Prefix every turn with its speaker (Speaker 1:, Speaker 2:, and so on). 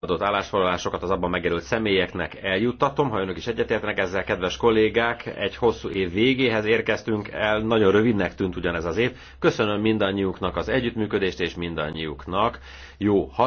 Speaker 1: adott állásfoglalásokat az abban megjelölt személyeknek eljuttatom. Ha önök is egyetértnek ezzel, kedves kollégák, egy hosszú év végéhez érkeztünk el, nagyon rövidnek tűnt ugyanez az év. Köszönöm mindannyiuknak az együttműködést, és mindannyiuknak jó haza.